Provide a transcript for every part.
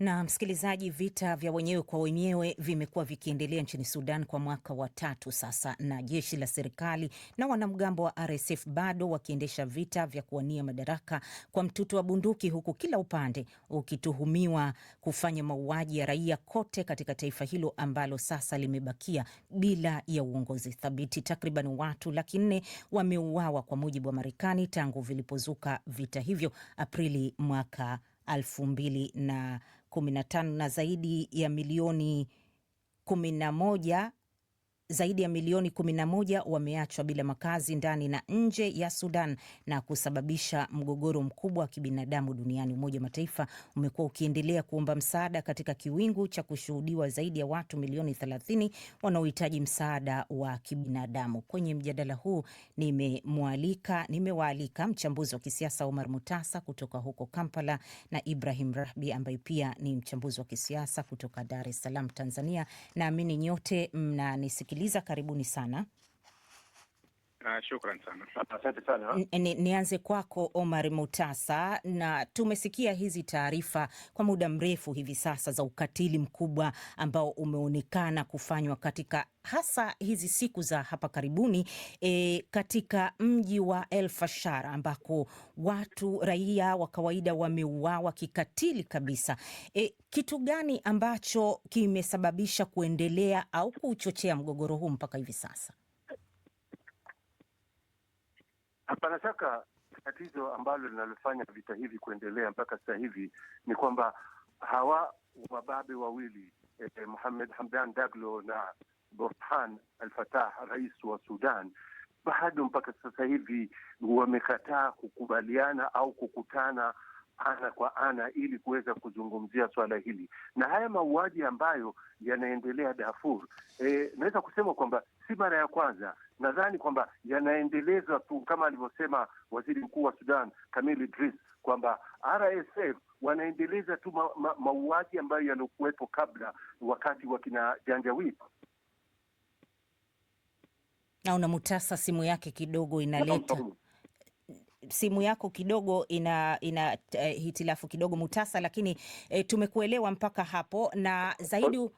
Na msikilizaji, vita vya wenyewe kwa wenyewe vimekuwa vikiendelea nchini Sudan kwa mwaka wa tatu sasa, na jeshi la serikali na wanamgambo wa RSF bado wakiendesha vita vya kuwania madaraka kwa mtutu wa bunduki, huku kila upande ukituhumiwa kufanya mauaji ya raia kote katika taifa hilo ambalo sasa limebakia bila ya uongozi thabiti. Takriban watu laki nne wameuawa kwa mujibu wa Marekani tangu vilipozuka vita hivyo Aprili mwaka elfu mbili na kumi na tano na zaidi ya milioni kumi na moja zaidi ya milioni 11 wameachwa bila makazi ndani na nje ya Sudan na kusababisha mgogoro mkubwa wa kibinadamu duniani. Umoja wa Mataifa umekuwa ukiendelea kuomba msaada katika kiwingu cha kushuhudiwa zaidi ya watu milioni 30 wanaohitaji msaada wa kibinadamu. Kwenye mjadala huu nimemwalika nimewaalika mchambuzi wa kisiasa Omar Mutasa kutoka huko Kampala na Ibrahim Rahbi ambaye pia ni mchambuzi wa kisiasa kutoka Dar es Salaam, Tanzania. Naamini nyote mnanisikiliza kutusikiliza. Karibuni sana. Uh, shukran sana, sana. Nianze kwako Omar Mutasa, na tumesikia hizi taarifa kwa muda mrefu hivi sasa za ukatili mkubwa ambao umeonekana kufanywa katika hasa hizi siku za hapa karibuni e, katika mji wa El Fashar ambako watu raia wa kawaida wameuawa kikatili kabisa. E, kitu gani ambacho kimesababisha kuendelea au kuchochea mgogoro huu mpaka hivi sasa? Hapana shaka tatizo ambalo linalofanya vita hivi kuendelea mpaka sasa hivi ni kwamba hawa wababe wawili eh, Muhamed Hamdan Daglo na Burhan Al Fatah, rais wa Sudan, bado mpaka sasa hivi wamekataa kukubaliana au kukutana ana kwa ana ili kuweza kuzungumzia swala hili na haya mauaji ambayo yanaendelea Darfur. E, naweza kusema kwamba si mara ya kwanza. Nadhani kwamba yanaendelezwa tu kama alivyosema waziri mkuu wa Sudan Kamil Idris kwamba RSF wanaendeleza tu ma, ma, mauaji ambayo yaliokuwepo kabla wakati wa kina Janjawid. Naona Mutasa simu yake kidogo inaleta simu yako kidogo ina, ina uh, hitilafu kidogo Mutasa, lakini uh, tumekuelewa mpaka hapo na zaidi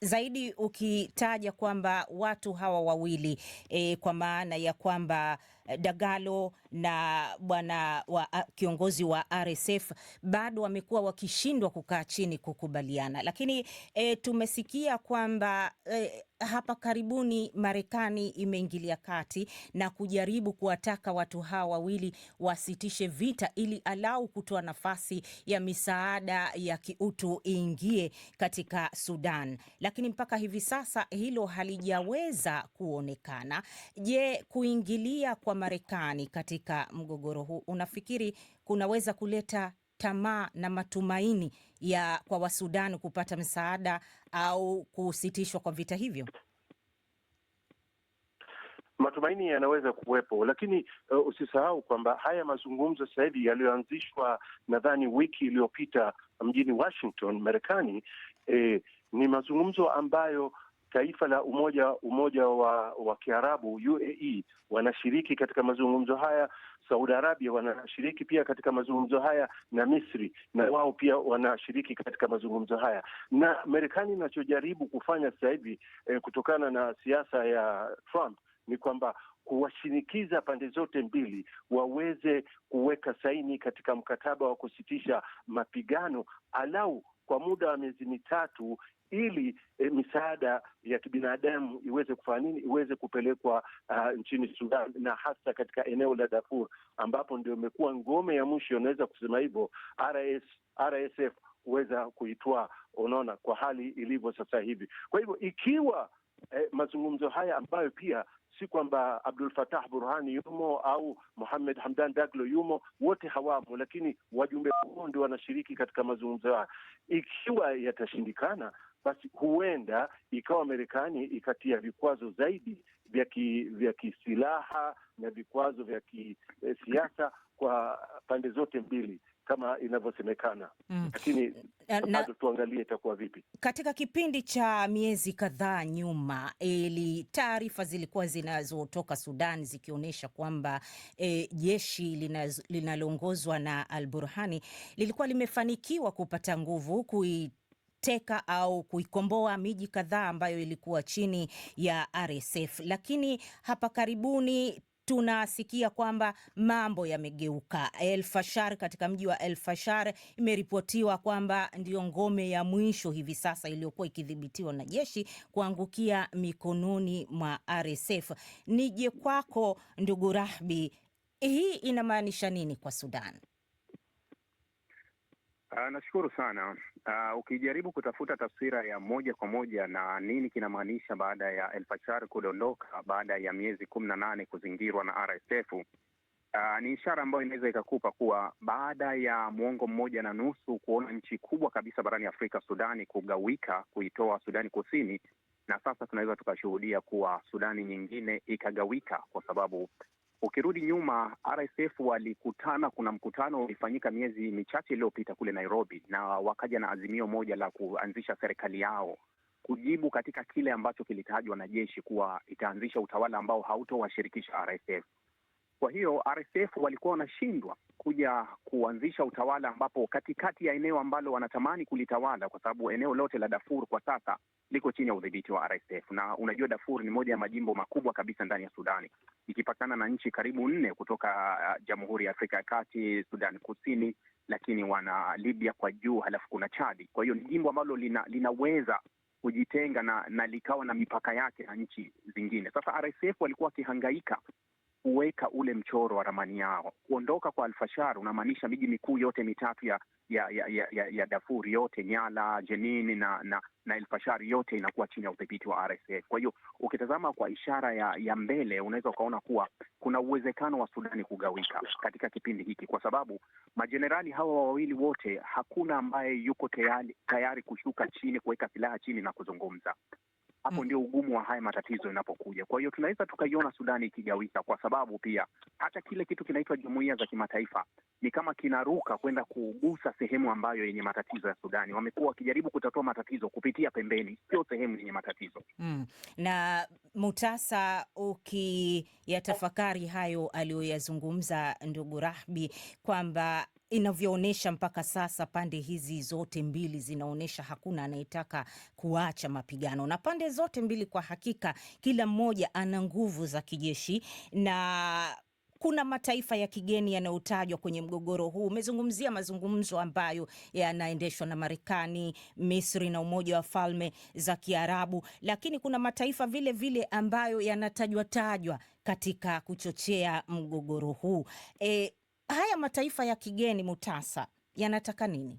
zaidi ukitaja kwamba watu hawa wawili e, kwa maana ya kwamba Eh, Dagalo na bwana wa kiongozi wa RSF bado wamekuwa wakishindwa kukaa chini kukubaliana, lakini e, tumesikia kwamba e, hapa karibuni Marekani imeingilia kati na kujaribu kuwataka watu hawa wawili wasitishe vita ili alau kutoa nafasi ya misaada ya kiutu iingie katika Sudan, lakini mpaka hivi sasa hilo halijaweza kuonekana. Je, kuingilia kwa kwa Marekani katika mgogoro huu unafikiri kunaweza kuleta tamaa na matumaini ya kwa Wasudani kupata msaada au kusitishwa kwa vita hivyo? Matumaini yanaweza kuwepo, lakini uh, usisahau kwamba haya mazungumzo sasa hivi yaliyoanzishwa nadhani wiki iliyopita mjini Washington, Marekani, eh, ni mazungumzo ambayo taifa la umoja umoja wa, wa Kiarabu UAE wanashiriki katika mazungumzo haya. Saudi Arabia wanashiriki pia katika mazungumzo haya na Misri na wao pia wanashiriki katika mazungumzo haya. Na Marekani inachojaribu kufanya sasa hivi eh, kutokana na siasa ya Trump ni kwamba kuwashinikiza pande zote mbili waweze kuweka saini katika mkataba wa kusitisha mapigano, alau kwa muda wa miezi mitatu ili e, misaada ya kibinadamu iweze kufanya nini, iweze kupelekwa uh, nchini Sudan na hasa katika eneo la Darfur ambapo ndio imekuwa ngome ya mwisho, unaweza kusema hivyo RS, RSF huweza kuitwaa, unaona, kwa hali ilivyo sasa hivi. Kwa hivyo ikiwa eh, mazungumzo haya ambayo pia si kwamba Abdul Fatah Burhani yumo au muhamed Hamdan Daglo yumo, wote hawamo, lakini wajumbe wao ndio wanashiriki katika mazungumzo haya. Ikiwa yatashindikana, basi huenda ikawa Marekani ikatia vikwazo zaidi vya ki, vya kisilaha na vikwazo vya kisiasa eh, kwa pande zote mbili kama inavyosemekana mm. Lakini bado tuangalie itakuwa vipi. Katika kipindi cha miezi kadhaa nyuma, ili taarifa zilikuwa zinazotoka Sudan zikionyesha kwamba e, jeshi linaloongozwa na Al Burhani lilikuwa limefanikiwa kupata nguvu kui teka au kuikomboa miji kadhaa ambayo ilikuwa chini ya RSF, lakini hapa karibuni tunasikia kwamba mambo yamegeuka. El Fashar, katika mji wa El Fashar imeripotiwa kwamba ndiyo ngome ya mwisho hivi sasa iliyokuwa ikidhibitiwa na jeshi kuangukia mikononi mwa RSF. Nije kwako ndugu Rahbi, hii inamaanisha nini kwa Sudan? Uh, nashukuru sana. Uh, ukijaribu kutafuta tafsira ya moja kwa moja na nini kinamaanisha baada ya Elfashar kudondoka baada ya miezi kumi na nane kuzingirwa na RSF, uh, ah, ni ishara ambayo inaweza ikakupa kuwa baada ya mwongo mmoja na nusu kuona nchi kubwa kabisa barani Afrika, Sudani, kugawika kuitoa Sudani Kusini, na sasa tunaweza tukashuhudia kuwa Sudani nyingine ikagawika kwa sababu Ukirudi nyuma, RSF walikutana, kuna mkutano ulifanyika miezi michache iliyopita kule Nairobi, na wakaja na azimio moja la kuanzisha serikali yao kujibu katika kile ambacho kilitajwa na jeshi kuwa itaanzisha utawala ambao hautowashirikisha RSF. Kwa hiyo RSF walikuwa wanashindwa kuja kuanzisha utawala ambapo katikati ya eneo ambalo wanatamani kulitawala, kwa sababu eneo lote la Darfur kwa sasa liko chini ya udhibiti wa RSF, na unajua Darfur ni moja ya majimbo makubwa kabisa ndani ya Sudani, ikipakana na nchi karibu nne kutoka uh, Jamhuri ya Afrika ya Kati, sudani Kusini, lakini wana Libya kwa juu, halafu kuna Chadi. Kwa hiyo ni jimbo ambalo lina, linaweza kujitenga na, na likawa na mipaka yake na nchi zingine. Sasa RSF walikuwa wakihangaika kuweka ule mchoro wa ramani yao. Kuondoka kwa Alfashar unamaanisha miji mikuu yote mitatu ya ya ya, ya, ya, ya Dafuri yote, Nyala, Jenini na na, na Alfashar yote inakuwa chini ya udhibiti wa RSF. Kwa hiyo ukitazama kwa ishara ya, ya mbele unaweza ukaona kuwa kuna uwezekano wa Sudani kugawika katika kipindi hiki, kwa sababu majenerali hawa wawili wote hakuna ambaye yuko tayari, tayari kushuka chini kuweka silaha chini na kuzungumza hapo mm, ndio ugumu wa haya matatizo inapokuja. Kwa hiyo tunaweza tukaiona Sudani ikigawika, kwa sababu pia hata kile kitu kinaitwa jumuiya za kimataifa ni kama kinaruka kwenda kugusa sehemu ambayo yenye matatizo ya Sudani. Wamekuwa wakijaribu kutatua matatizo kupitia pembeni, sio sehemu yenye matatizo mm. na Mutasa, ukiyatafakari hayo aliyoyazungumza ndugu Rahbi kwamba inavyoonyesha mpaka sasa pande hizi zote mbili zinaonyesha hakuna anayetaka kuacha mapigano, na pande zote mbili kwa hakika, kila mmoja ana nguvu za kijeshi na kuna mataifa ya kigeni yanayotajwa kwenye mgogoro huu. Umezungumzia mazungumzo ambayo yanaendeshwa na Marekani, Misri na Umoja wa Falme za Kiarabu, lakini kuna mataifa vile vile ambayo yanatajwa tajwa katika kuchochea mgogoro huu. E, haya mataifa ya kigeni Mutasa yanataka nini?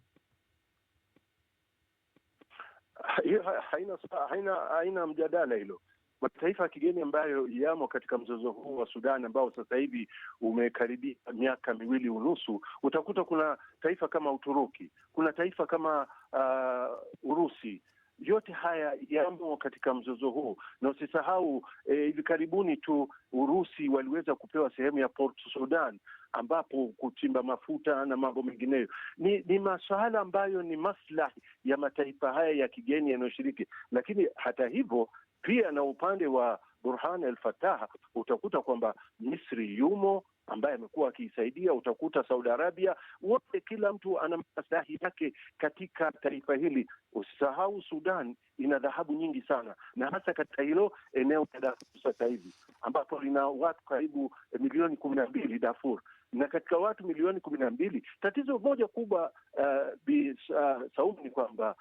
Hiyo haina, haina, haina mjadala hilo mataifa ya kigeni ambayo yamo katika mzozo huu wa Sudan ambao sasa hivi umekaribia miaka miwili unusu, utakuta kuna taifa kama Uturuki, kuna taifa kama uh, Urusi yote haya yamo katika mzozo huu, na usisahau eh, hivi e, karibuni tu Urusi waliweza kupewa sehemu ya Port Sudan ambapo kuchimba mafuta na mambo mengineyo ni, ni masuala ambayo ni maslahi ya mataifa haya ya kigeni yanayoshiriki. Lakini hata hivyo pia na upande wa Burhan el Fatah utakuta kwamba Misri yumo ambaye amekuwa akiisaidia, utakuta Saudi Arabia, wote kila mtu ana maslahi yake katika taifa hili. Usisahau Sudan ina dhahabu nyingi sana, na hasa katika hilo eneo la Darfur sasa hivi ambapo lina watu karibu milioni kumi na mbili Darfur, na katika watu milioni kumi na mbili tatizo moja kubwa uh, eh, uh, eh, Saumu ni kwamba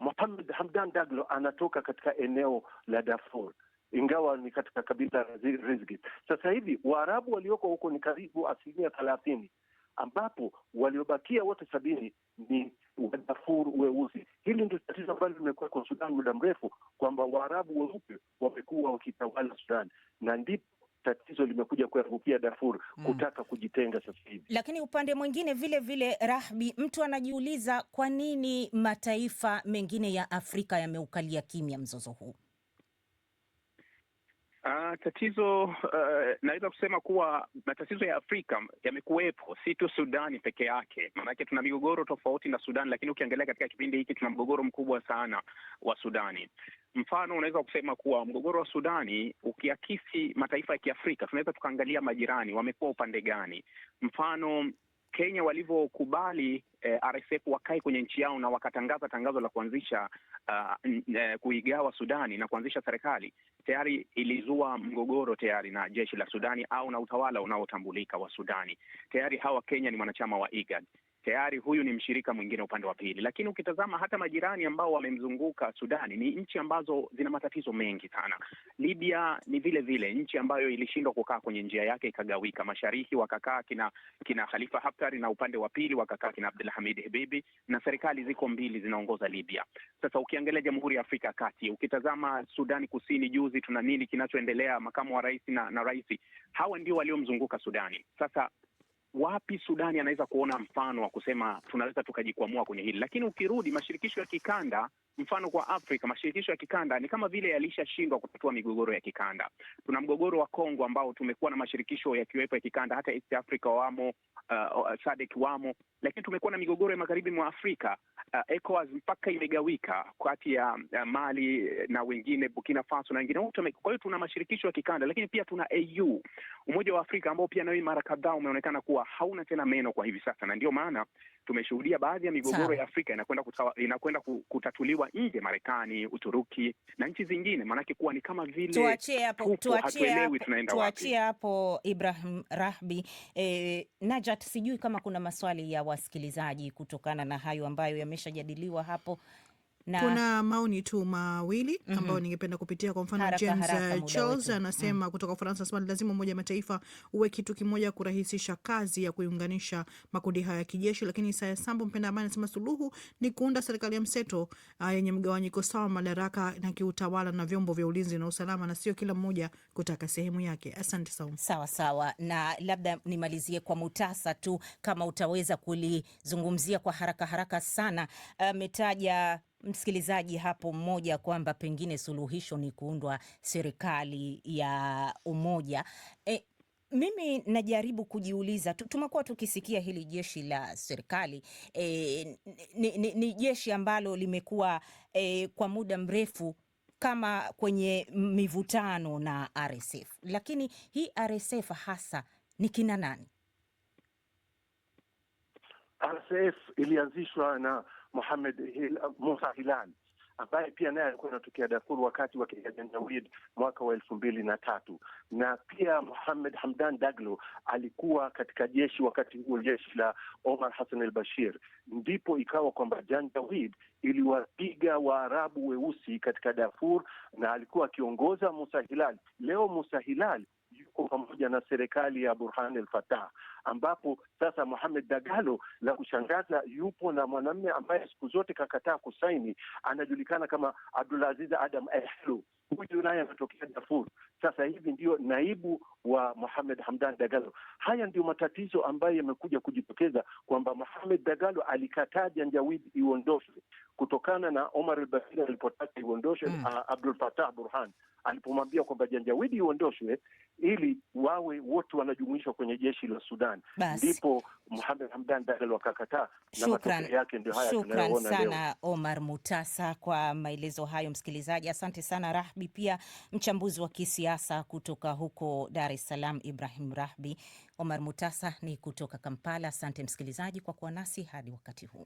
Mohamed Hamdan Daglo anatoka katika eneo la Darfur ingawa ni katika kabila la Rizgit. Sasa hivi Waarabu walioko huko ni karibu asilimia thelathini, ambapo waliobakia wote sabini ni Wadafur weusi. Hili ndio tatizo ambalo limekuwa kwa Sudan muda mrefu, kwamba Waarabu weupe wamekuwa wakitawala Sudan na ndipo tatizo limekuja kuangukia Darfur mm. kutaka kujitenga sasa hivi. Lakini upande mwingine vile vile, Rahbi, mtu anajiuliza kwa nini mataifa mengine ya Afrika yameukalia kimya mzozo huu? Uh, tatizo uh, naweza kusema kuwa matatizo ya Afrika yamekuwepo, si tu Sudani peke yake, maanake tuna migogoro tofauti na Sudani, lakini ukiangalia katika kipindi hiki tuna mgogoro mkubwa sana wa Sudani. Mfano, unaweza kusema kuwa mgogoro wa Sudani ukiakisi mataifa ya Kiafrika, tunaweza tukaangalia majirani wamekuwa upande gani. Mfano Kenya walivyokubali eh, RSF wakae kwenye nchi yao na wakatangaza tangazo la kuanzisha uh, kuigawa Sudani na kuanzisha serikali tayari ilizua mgogoro tayari na jeshi la Sudani au na utawala unaotambulika wa Sudani. Tayari hawa Kenya ni mwanachama wa IGAD tayari huyu ni mshirika mwingine upande wa pili. Lakini ukitazama hata majirani ambao wamemzunguka Sudani ni nchi ambazo zina matatizo mengi sana. Libya ni vile vile nchi ambayo ilishindwa kukaa kwenye njia yake ikagawika, mashariki wakakaa kina kina Khalifa Haftar na upande wa pili wakakaa kina Abdul Hamid Hibibi, na serikali ziko mbili zinaongoza Libya. Sasa ukiangalia Jamhuri ya Afrika ya Kati, ukitazama Sudani Kusini, juzi tuna nini kinachoendelea, makamu wa rais na, na rais hawa ndio waliomzunguka Sudani. Sasa wapi Sudani anaweza kuona mfano wa kusema tunaweza tukajikwamua kwenye hili, lakini ukirudi mashirikisho ya kikanda mfano kwa Afrika, mashirikisho ya kikanda ni kama vile yalishashindwa kutatua migogoro ya kikanda. Tuna mgogoro wa Kongo ambao tumekuwa na mashirikisho yakiwepo ya kikanda, hata East Africa wamo, uh, uh SADC wamo, lakini tumekuwa na migogoro ya magharibi mwa Afrika, uh, ECOWAS mpaka imegawika kati ya uh, Mali na wengine, Burkina Faso na wengine wote. Kwa hiyo tuna mashirikisho ya kikanda, lakini pia tuna AU, Umoja wa Afrika ambao pia nawe mara kadhaa umeonekana kuwa hauna tena meno kwa hivi sasa, na ndio maana tumeshuhudia baadhi ya migogoro ya Afrika inakwenda inakwenda kutatuliwa nje, Marekani, Uturuki na nchi zingine, maanake kuwa ni kama vile tuachie hapo, tuachie tuachie hapo Ibrahim Rahbi. E, Najat, sijui kama kuna maswali ya wasikilizaji kutokana na hayo ambayo yameshajadiliwa hapo na kuna maoni tu mawili mm -hmm. ambayo ningependa kupitia. Kwa mfano James haraka, eh, Charles anasema mm. -hmm. kutoka Ufaransa anasema lazima Umoja Mataifa uwe kitu kimoja kurahisisha kazi ya kuiunganisha makundi haya ya kijeshi. Lakini Isaya Sambo mpenda amani anasema suluhu ni kuunda serikali ya mseto uh, yenye mgawanyiko sawa madaraka na kiutawala na vyombo vya ulinzi na usalama na sio kila mmoja kutaka sehemu yake. Asante sana. Sawa sawa, na labda nimalizie kwa mutasa tu, kama utaweza kulizungumzia kwa haraka haraka sana. Ametaja ah, uh, msikilizaji hapo mmoja kwamba pengine suluhisho ni kuundwa serikali ya umoja e, mimi najaribu kujiuliza, tumekuwa tukisikia hili jeshi la serikali e, ni, ni, ni jeshi ambalo limekuwa e, kwa muda mrefu kama kwenye mivutano na RSF, lakini hii RSF hasa ni kina nani? RSF ilianzishwa na Mohamed Hil, Musa Hilal ambaye pia naye alikuwa anatokea Darfur wakati wa kijanjawid mwaka wa elfu mbili na tatu na pia Muhamed Hamdan Daglo alikuwa katika jeshi wakati huo, jeshi la Omar Hassan al Bashir. Ndipo ikawa kwamba janjawid iliwapiga Waarabu weusi katika Darfur na alikuwa akiongoza Musa Hilal. Leo Musa Hilal kwa pamoja na serikali ya Burhan el Fatah, ambapo sasa Mohamed Dagalo, la kushangaza, yupo na mwanamme ambaye siku zote kakataa kusaini, anajulikana kama Abdulaziz Adam Ehlu. Huyu naye anatokea Darfur, sasa hivi ndio naibu wa Mohamed Hamdan Dagalo. Haya ndio matatizo ambayo yamekuja kujitokeza kwamba Mohamed Dagalo alikataa Janjawidi iondoshwe kutokana na Omar al-Bashir alipotaka iondoshwe mm. Uh, Abdul Fatah Burhan alipomwambia kwamba janjawidi iondoshwe ili wawe wote wanajumuishwa kwenye jeshi la Sudan, ndipo Muhamed Hamdan Dagalo akakataa na matokeo yake ndio haya tunayoona leo. Omar Mutasa kwa maelezo hayo. Msikilizaji, asante sana Rahbi, pia mchambuzi wa kisiasa kutoka huko Dar es Salaam, Ibrahim Rahbi. Omar Mutasa ni kutoka Kampala. Asante msikilizaji kwa kuwa nasi hadi wakati huu.